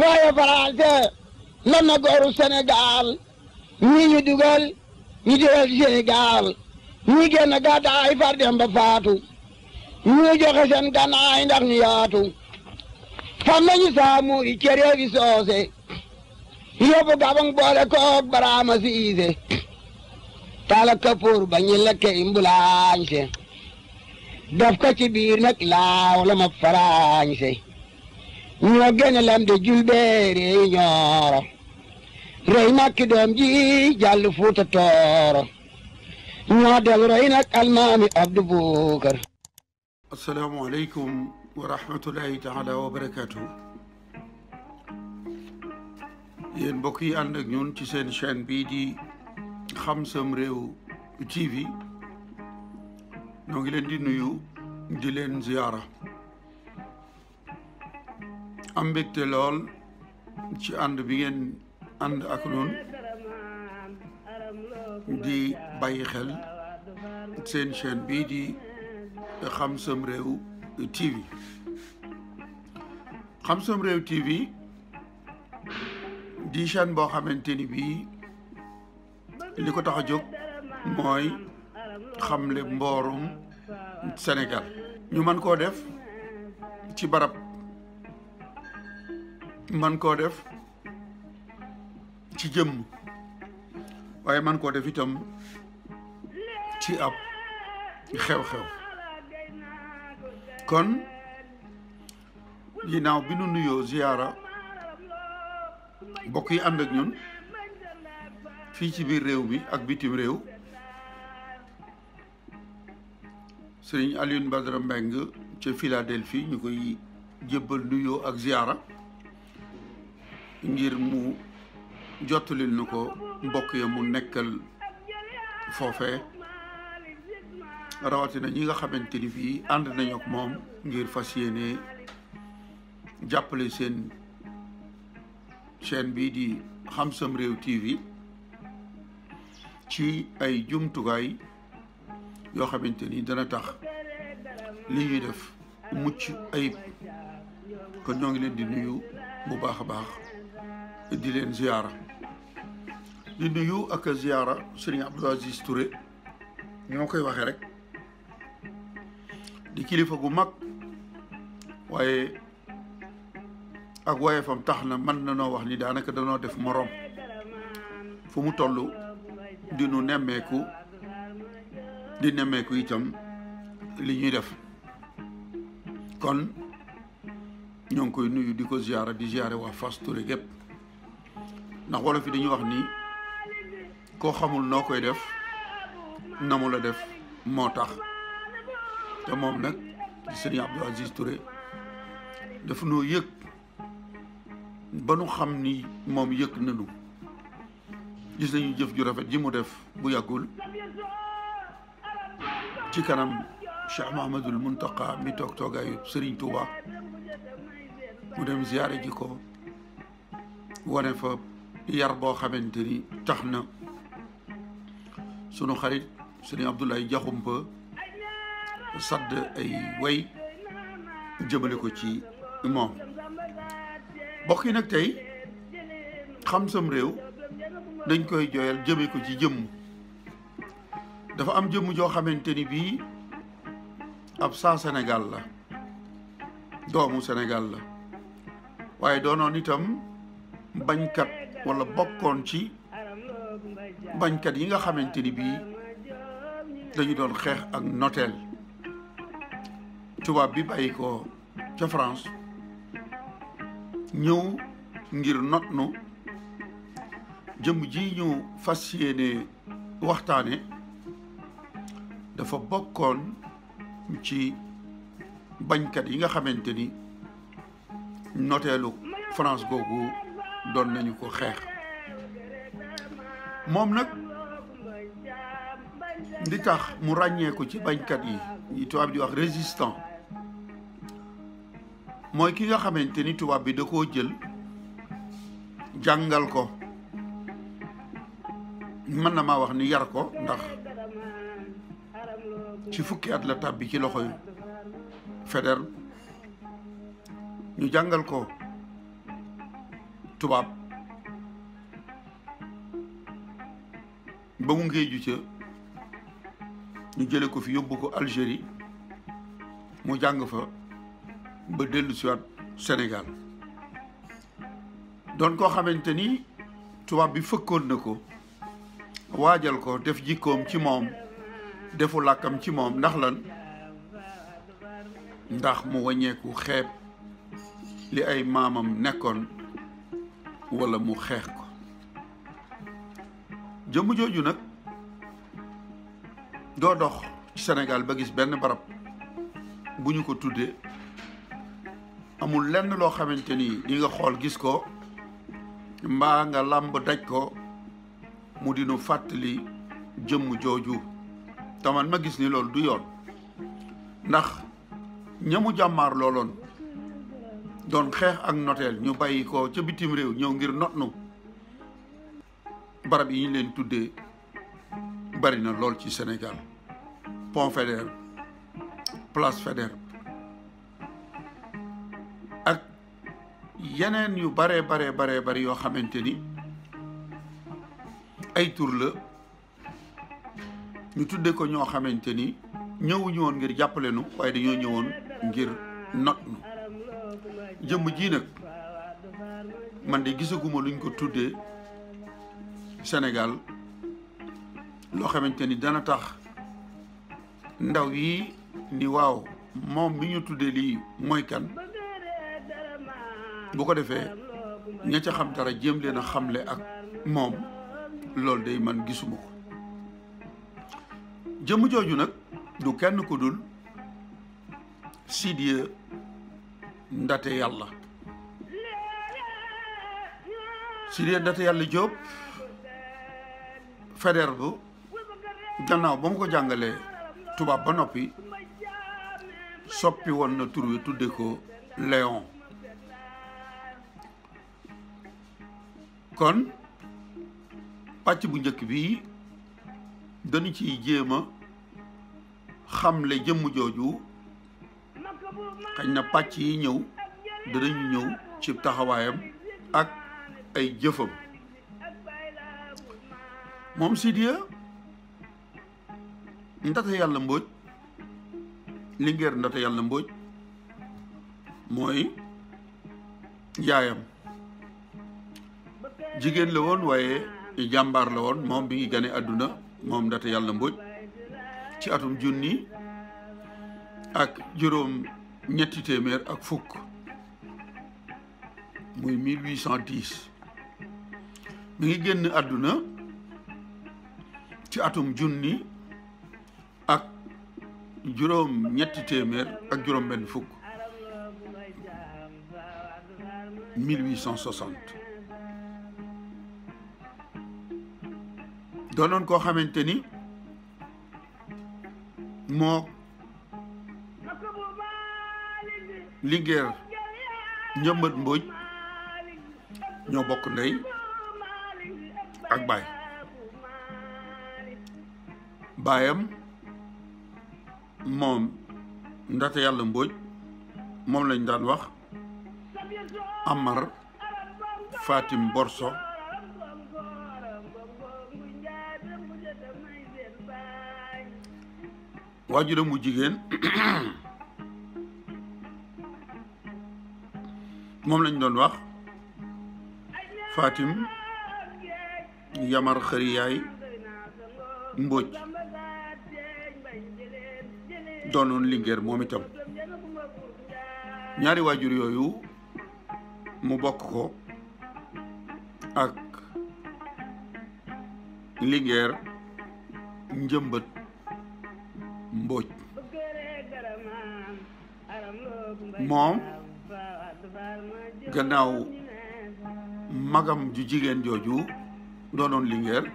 waaye Faranse man na gooru Sénégal ñii ñu dugal ñu dugal Sénégal ñii génn gàddaay far dem faatu ñii joxe seen gànnaay ndax ñu yaatu fam nañu saamu i cere bi soose yóbbu gabang boole koog baraama siise tala kapoor ba ñi lekke imbulaañse daf ko ci biir nag laaw la ma faraañse ñoo gën a lam de julbeeri ñooro rey makki doom ji jàll fuuta tooro ñoo del rey nag almaami abdu buukar asalaamaaleykum wa rahmatullahi taala wa barakaatu yéen mbokk yi ànd ak ñun ci seen chaîne bii di xam sam TV ñoo ngi leen di nuyu di leen ziyaara am mbégte lool ci ànd bi ngeen ànd ak noonu di bàyyi xel seen chaîne bii di Xam Sam Réew TV Xam Sam Réew TV di chaîne boo xamante ni bii li ko tax a jóg mooy xamle mboorum Sénégal ñu mën koo def ci barab man ko def ci jëm waye man ko def itam ci ab xew-xew kon ginnaaw bi nu nuyo ziyara bokk yi ànd ak ñun fi ci biir réew mi ak bitim réew serigne aliou badra mbeng ci Philadelphie ñu koy jébbal nuyoo ak ziyara ngir mu jottulil nu ko bokk ya mu nekkal foofe rawatina ñi nga xamante ni bii ànd nañu ak moom ngir fas yéene jàppale seen chaîne bii di Xam Sam Réew TV ci ay jumtukaay yoo xamante ni dana tax li ñuy def mucc ayib kon ñoo ngi leen di nuyu bu baax a baax di leen ziyaara di nuyu ak a ziyaara Serigne Abdou Aziz Touré ñoo koy waxe rek di kilifa gu mag waaye ak woyefam tax na mën na noo wax ni daanaka danoo def moroom fu mu toll di nu nemmeeku di nemmeeku itam li ñuy def kon ñoo ngi koy nuyu di ko ziyaara di ziyaare waa Fass Touré gépp ndax wolof yi dañuy wax ni koo xamul noo koy def namu la def moo tax te moom nag di Serigne Abdou Aziz Touré def noo yëg ba nu xam ni moom yëg nanu gis nañu jëf ju rafet ji mu def bu yàggul ci kanam Cheikh Mahamadul Muntaka mi toog toogaayu Serigne Touba mu dem ziare ji ko wane fa yar boo xamante ni tax na sunu xarit sunu Abdoulaye Diakhoumpa sadd ay way jëmale ko ci moom mbokk yi nag tey xam sam réew dañ koy jooyal jëme ko ci jëmm dafa am jëmm joo xamante ni bii ab saa senegal la doomu senegal la waaye doonoon itam bañkat wala bokkoon ci bañkat yi nga xamante ni bii dañu doon xeex ak noteel tubaab bi bàyyi ko ca France ñëw ngir not nu jëm ji ñu fas yéene waxtaane dafa bokkoon ci bañkat yi nga xamante ni noteelu France googu doon nañu ko xeex moom nag li tax mu ràññeeku ci bañkat yi yi tubaab di wax résistant mooy ki nga xamante ni tubaab bi da koo jël jàngal ko mën na ma wax ni yar ko ndax ci fukki at la tàbbi ci loxoy Faidherbe ñu jàngal ko tubaab ba mu ngéeju ca ñu jële ko fi yóbbu ko Algérie mu jàng fa ba dellu siwaat Sénégal doon koo xamante ni tubaab bi fëkkoon na ko waajal ko def jikkoom ci moom defu làkkam ci moom ndax lan ndax mu wàññeeku xeeb li ay maamam nekkoon walla mu xeex ko jëmm jooju nag doo dox ci Sénégal ba gis benn barab bu ñu ko tuddee amul lenn loo xamante ni di xool gis ko mbaa nga làmb daj ko mu di nu fàttali jëmm jooju taman ma gis ni loolu du yoon ndax ñamu jàmmaar looloon doon xeex ak noteel ñu bàyyi ko ca bitim réew ñow ngir not nu barab yi ñu leen tuddee bari na lool ci Sénégal pont Faidherbe place Faidherbe ak yeneen yu bare bare bare bare yoo xamante ni ay tur la ñu tuddee ko ñoo xamante ni ñu woon ngir jàppale nu waaye dañoo ñëwoon ngir not nu jëmm ji nag man de gisaguma luñ ko tuddee Sénégal loo xamante ni dana tax ndaw yi ni waaw moom mi ñu tuddee lii mooy kan bu ko defee ña ca xam dara jéem leen a xamle ak moom loolu day man gisuma ko jëmm jooju nag du kenn ku dul Sidiya Ndate Yàlla Sidiya Ndate Yàlla Diop Faidherbe bu gannaaw ba ko jàngalee tubaab ba noppi soppi woon na tur wi tudde ko Léon kon pàcc bu njëkk bi dañu ciy jéema xamle jëmm jooju xañ na pàcc yi ñëw danañu ñëw ci taxawaayam ak ay jëfam moom Sidiya ndata yàlla mboj liggéer ndata yàlla mboj mooy yaayam jigéen la woon waaye jàmbaar la woon moom bi ngi gane àdduna moom ndata yàlla mboj ci atum junni ak juróom ñetti téeméer ak fukk muy 1810 ngi génn àdduna ci atum junni ak juróom ñetti téeméer ak juróom benn fukk 1860 doonoon koo xamante ni moo Linguère njëmbat mbóoj ñoo bokk ndey ak baay baayam moom ndaxte yàlla mbóoj moom lañ daan wax Amar Fatim Borso waajuram mu jigéen moom lañ doon wax Fatim Yamar Xëri Yaay doonoon Linguère moom itam ñaari waajur yooyu mu bokk ko ak Linguère njëmbat mbooj moom gannaaw magam ju jigéen jooju doonoon Linguère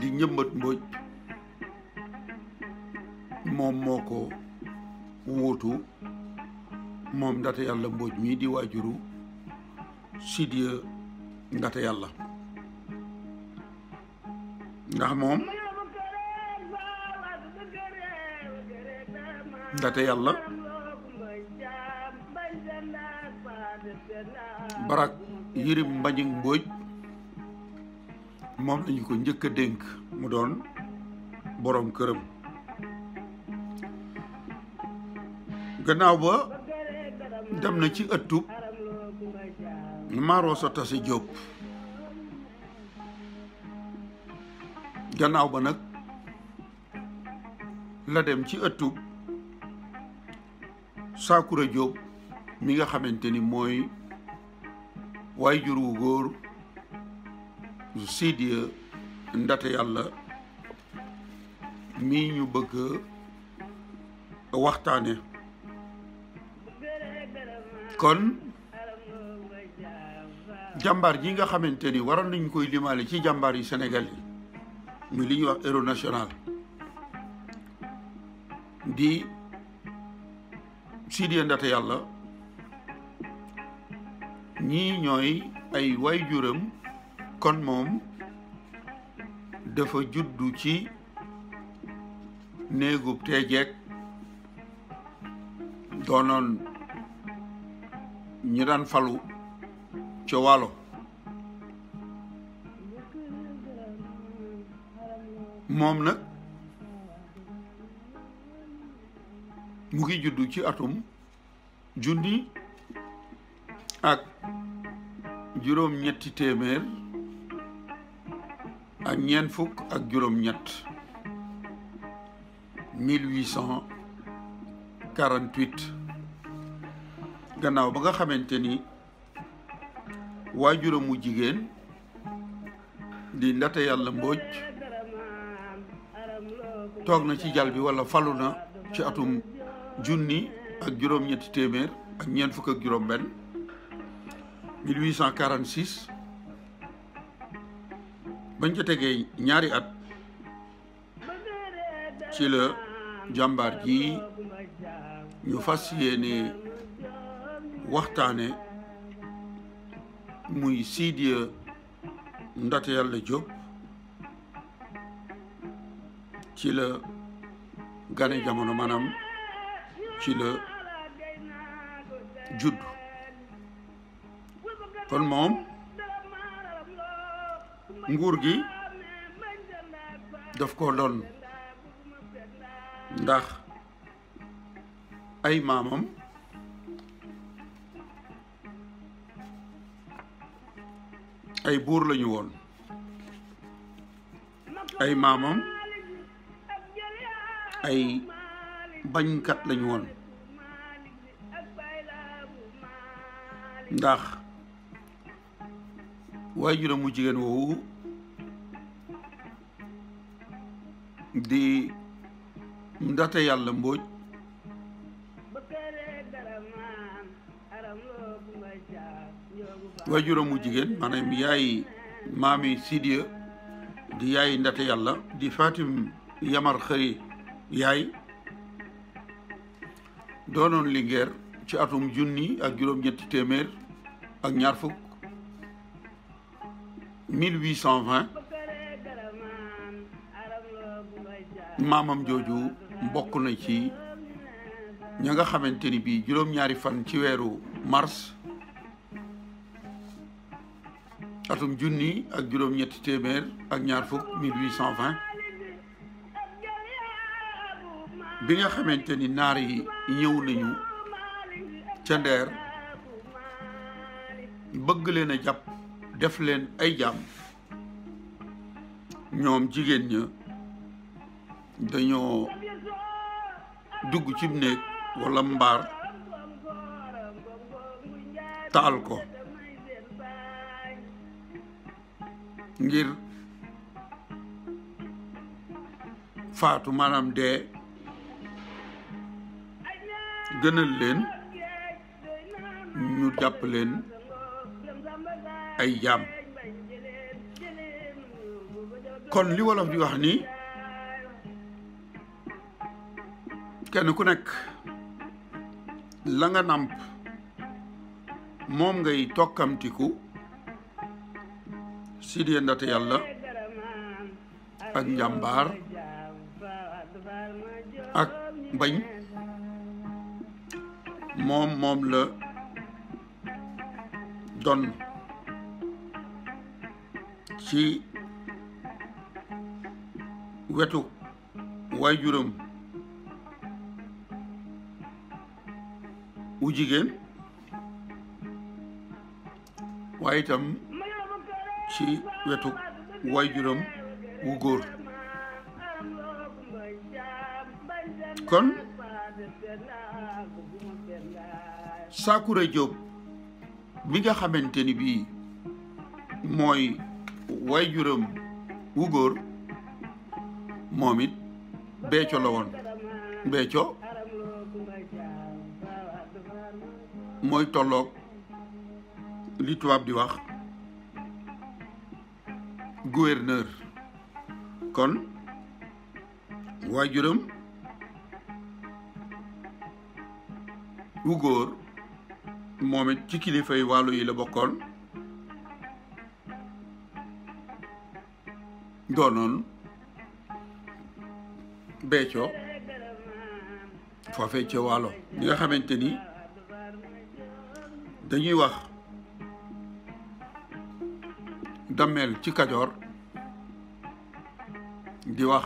di njëmbat mbooj Momo moko ko mom ndata yalla mbooj mi di wajuru Sidiya ndata yalla ndax mom ndata yalla barak yiri mbañig mbooj mom lañ ko njëkk denk mu doon borom kërëm gannaaw ba dem na ci ëttub maaroo sa tasi Jóob gannaaw ba nag la dem ci ëttub Saakura Jóob mi nga xamante ni mooy waay jur wu góor Sidiya Ndate Yàlla mii ñu bëgg waxtaane kon jàmbaar ji nga xamante ni waroon nañu koy limaale ci jàmbaar yi Sénégal yi muy li wax héros national di Sidy Ndaté Yàlla ñii ñooy ay waajuram kon moom dafa juddu ci néegub teejeeg doonoon ñi daan falu ci walo mom nak mu ngi juddu ci atum junni ak juróom ñetti téeméer ak ñeen fukk ak juróom ñett 1848 gannaaw ba nga xamante ni waa mu jigéen di ndate yàlla mbooj toog na ci jal bi wala falu na ci atum junni ak juróom-ñetti téeméer ak ñeent fukk ak juróom-benn 1846 bañ ca tegee ñaari at ci la jàmbaar ji ñu fas yéene waxtaane muy Sidiya Ndaté la jóg ci la gane jamono maanaam ci la judd kon moom nguur gi daf ko doon ndax ay maamam ay buur lañu woon ay maamam ay bañkat lañu woon ndax waajuram mu jigéen woowu di ndate yàlla mbóoj waajuram mu jigéen maanaam yaay maami Sidiya di yaay ndate yàlla di Fatim Yamar Xëri yaay doonoon Linguère ci atum junni ak juróom-ñetti téeméer ak ñaar fukk maamam jooju bokk na ci ña nga xamante ni bii juróom-ñaari fan ci weeru mars atum junni ak juróom-ñetti téeméer ak ñaar fukk 1820 bi nga xamante ni naar yi ñëw nañu ca ndeer bëgg leen a jàpp def leen ay jàmm ñoom jigéen ña dañoo dugg ci néeg wala mbaar taal ko ngir faatu manam de gënal leen ñu jàpp leen ay jaam kon li wolof di wax ni kenn ku nekk la nga namp moom ngay tokkamtiku Sidiya Ndate Yàlla ak njàmbaar ak bañ moom moom la don ci wetu waajuram wu jigéen waaye ci wetu waajuram wu góor kon Saakura Jóob mi nga xamante ni bii mooy juróom wu góor moom it Béthio la woon Béthio mooy tolloog li tubaab di wax gouverneur kon waajuram wu góor moom ci kilifay wàllu yi la bokkoon doonoon beeco foofee ca waalo ñi nga xamante ni dañuy wax dammeel ci kajoor di wax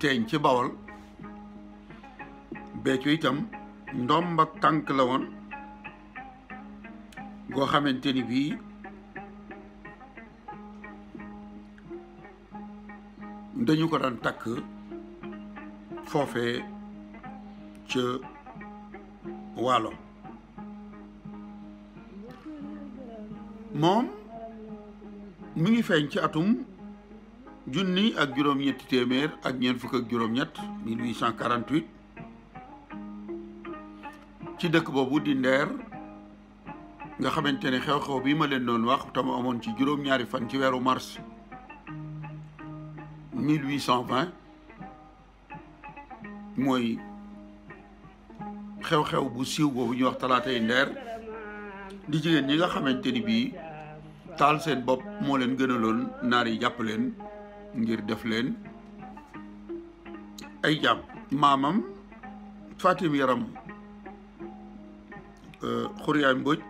teeñ ci bawol beccu itam ndomb ak tànk la woon goo xamante ni bii dañu ko daan takk foofee ca waalo moom mi ngi feeñ ci atum junni ak juróom-ñetti téeméer ak ñeent fukk ak juróom-ñett 1848 ci dëkk boobu di Ndeer nga xamante ne xew-xew bi ma leen doon wax tam amoon ci juróom-ñaari fan ci weeru mars 1820 mooy xew-xew bu siiw boobu ñuy wax talaatay Ndeer di jigéen ñi nga xamante ni bii. taal seen bopp moo leen gënaloon naar yi jàpp leen ngir def leen ay jàmm maamam Fatim Yaram Xuriyaay euh, Mbóoj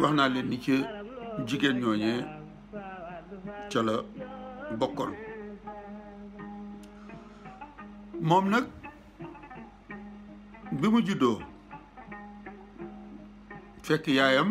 wax naa leen ni ci jigéen ñooñee ca la bokkoon moom nag bi mu juddoo fekk yaayam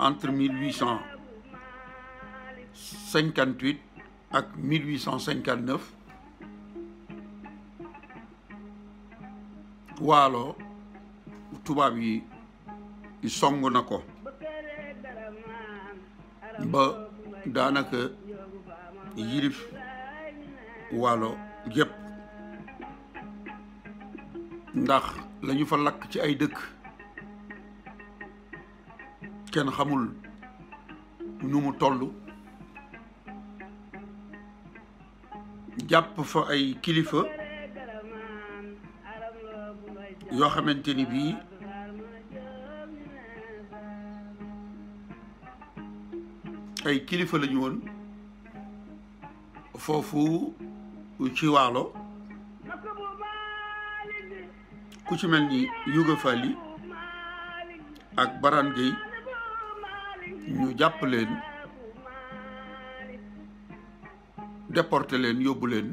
entre 1858 et 1859 Walo, tubaab yi song na ko ba daanaka yirif Walo, Yep, ndax lañu fa lakk ci ay kenn xamul nu tollu toll jàpp fa ay kilifa yoo xamante ni bii ay kilifa lañu ñu woon foofu ci waalo ku ci mel ni Yuga Fali ak Barane ñu jàpp leen déporté leen yóbbu leen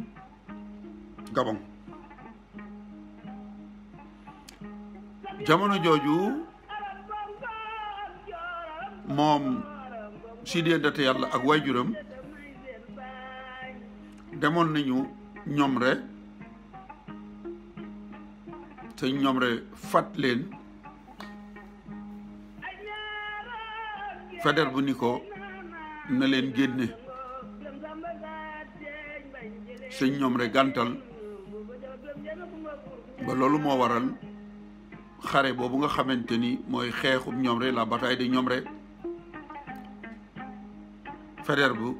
Gabon jamono jooju moom Sidi Haddad Yàlla ak juróom demoon nañu Ñomre te Ñomre fat leen feder bu ni ko na leen génne sëñ ñoom re gantal ba loolu moo waral xare boobu nga xamante ni mooy xeexub ñoom la bataille de ñoom re feder bu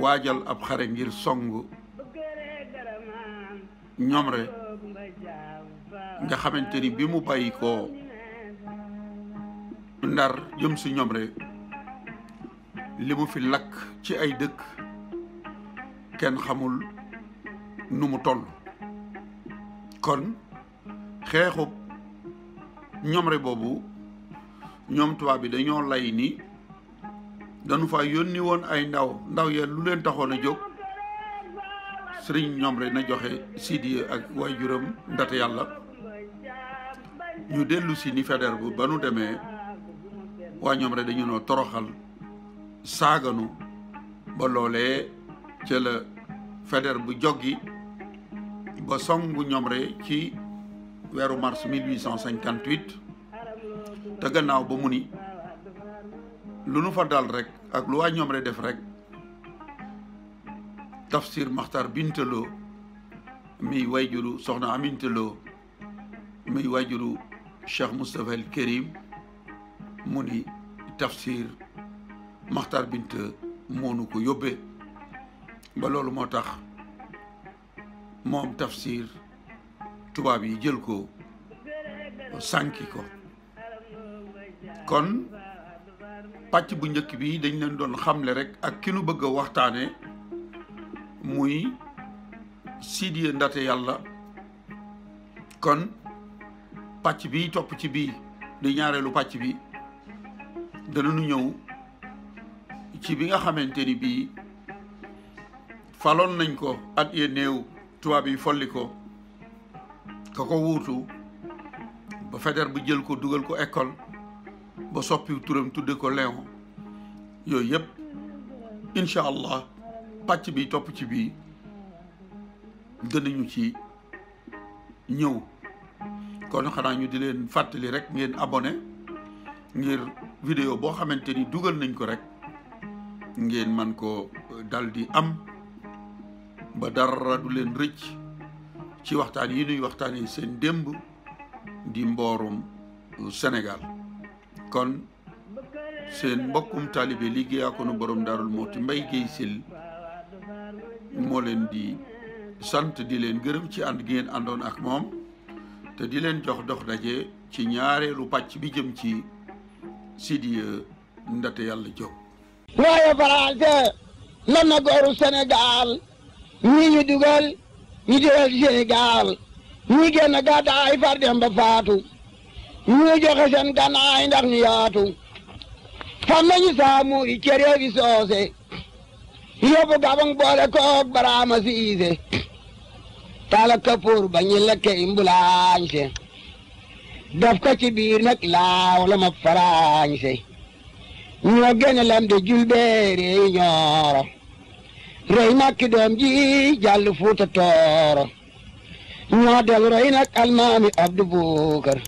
waajal ab xare ngir song ñoom re nga xamante ni bi mu bàyyi ndar jëm si ñomre rek li mu fi lakk ci ay dëkk kenn xamul nu mu toll kon xeexub ñomre boobu ñoom tubaab bi dañoo lay ni dañu fa yónni woon ay ndaw ndaw ya lu leen taxoon a jóg sëriñ ñomre na joxe Sidiye ak way juróom ndate yàlla ñu dellu si ni feder bu ba nu demee waa ñoom rek dañu noo toroxal saaganu ba loolee ca la bu joggi ba songu Ñomre ci weeru mars 1858 te gannaaw ba mu ni lu nu fa dal rek ak lu waa Ñomre def rek Tafsir Maxtar Bintaloo miy wayjuru Soxna Amintaloo miy wayjuru Cheikh Moustapha El Kérim mu ni tafsir maxtar bint moonu ko yóbbee ba loolu moo tax moom tafsir tubaab yi jël ko sànki ko kon pàcc bu njëkk bi dañ leen doon xamle rek ak ki nu bëgg a waxtaane muy Sidiya Ndaté Yalla kon pàcc bi topp ci bii di ñaareelu pàcc bi danañu ñëw ci bi nga xamante ni bii faloon nañ ko at ye néew tubaab yi folli ko ka ko wuutu ba Faidherbe bu jël ko dugal ko école ba soppi turam tudde ko Léon yooyu yëpp incha allah pàcc bi topp ci bii danañu ci ñëw kon xanaa ñu di leen fàttali rek ngeen abone ngir Video bo xamanteni ni dugal nañ ko rek ngeen man ko euh, daldi am ba dara du len recc ci waxtaan yi ñuy waxtaanee seen démb di mboorum euh, Sénégal kon seen mbokkum talibé liggéeyaa ko nu borom darul mooti mbay géy sil moo di sant di leen gërëm ci ànd gi ngeen àndoon ak moom te di leen jox dox daje ci ñaareelu pàcc bi jëm ci Sidy Ndaté waaye Farañse lan gooru Sénégal ñii ñu dugal ñu dugal Sénégal ñii génn gàddaay far dem faatu ñii joxe seen gànnaay ndax ñu yaatu fam nañu saamu i cere soose yóbbu gabang boole koog baraama siise tala kapoor ba ñi lekke imbulaañ se daf ko ci biir nag laaw la ma faraañse ñoo gene lam de julbeere ñooro rey makki doom ji jàll fuuta tooro ñoo del rey nag almaami abdu buukar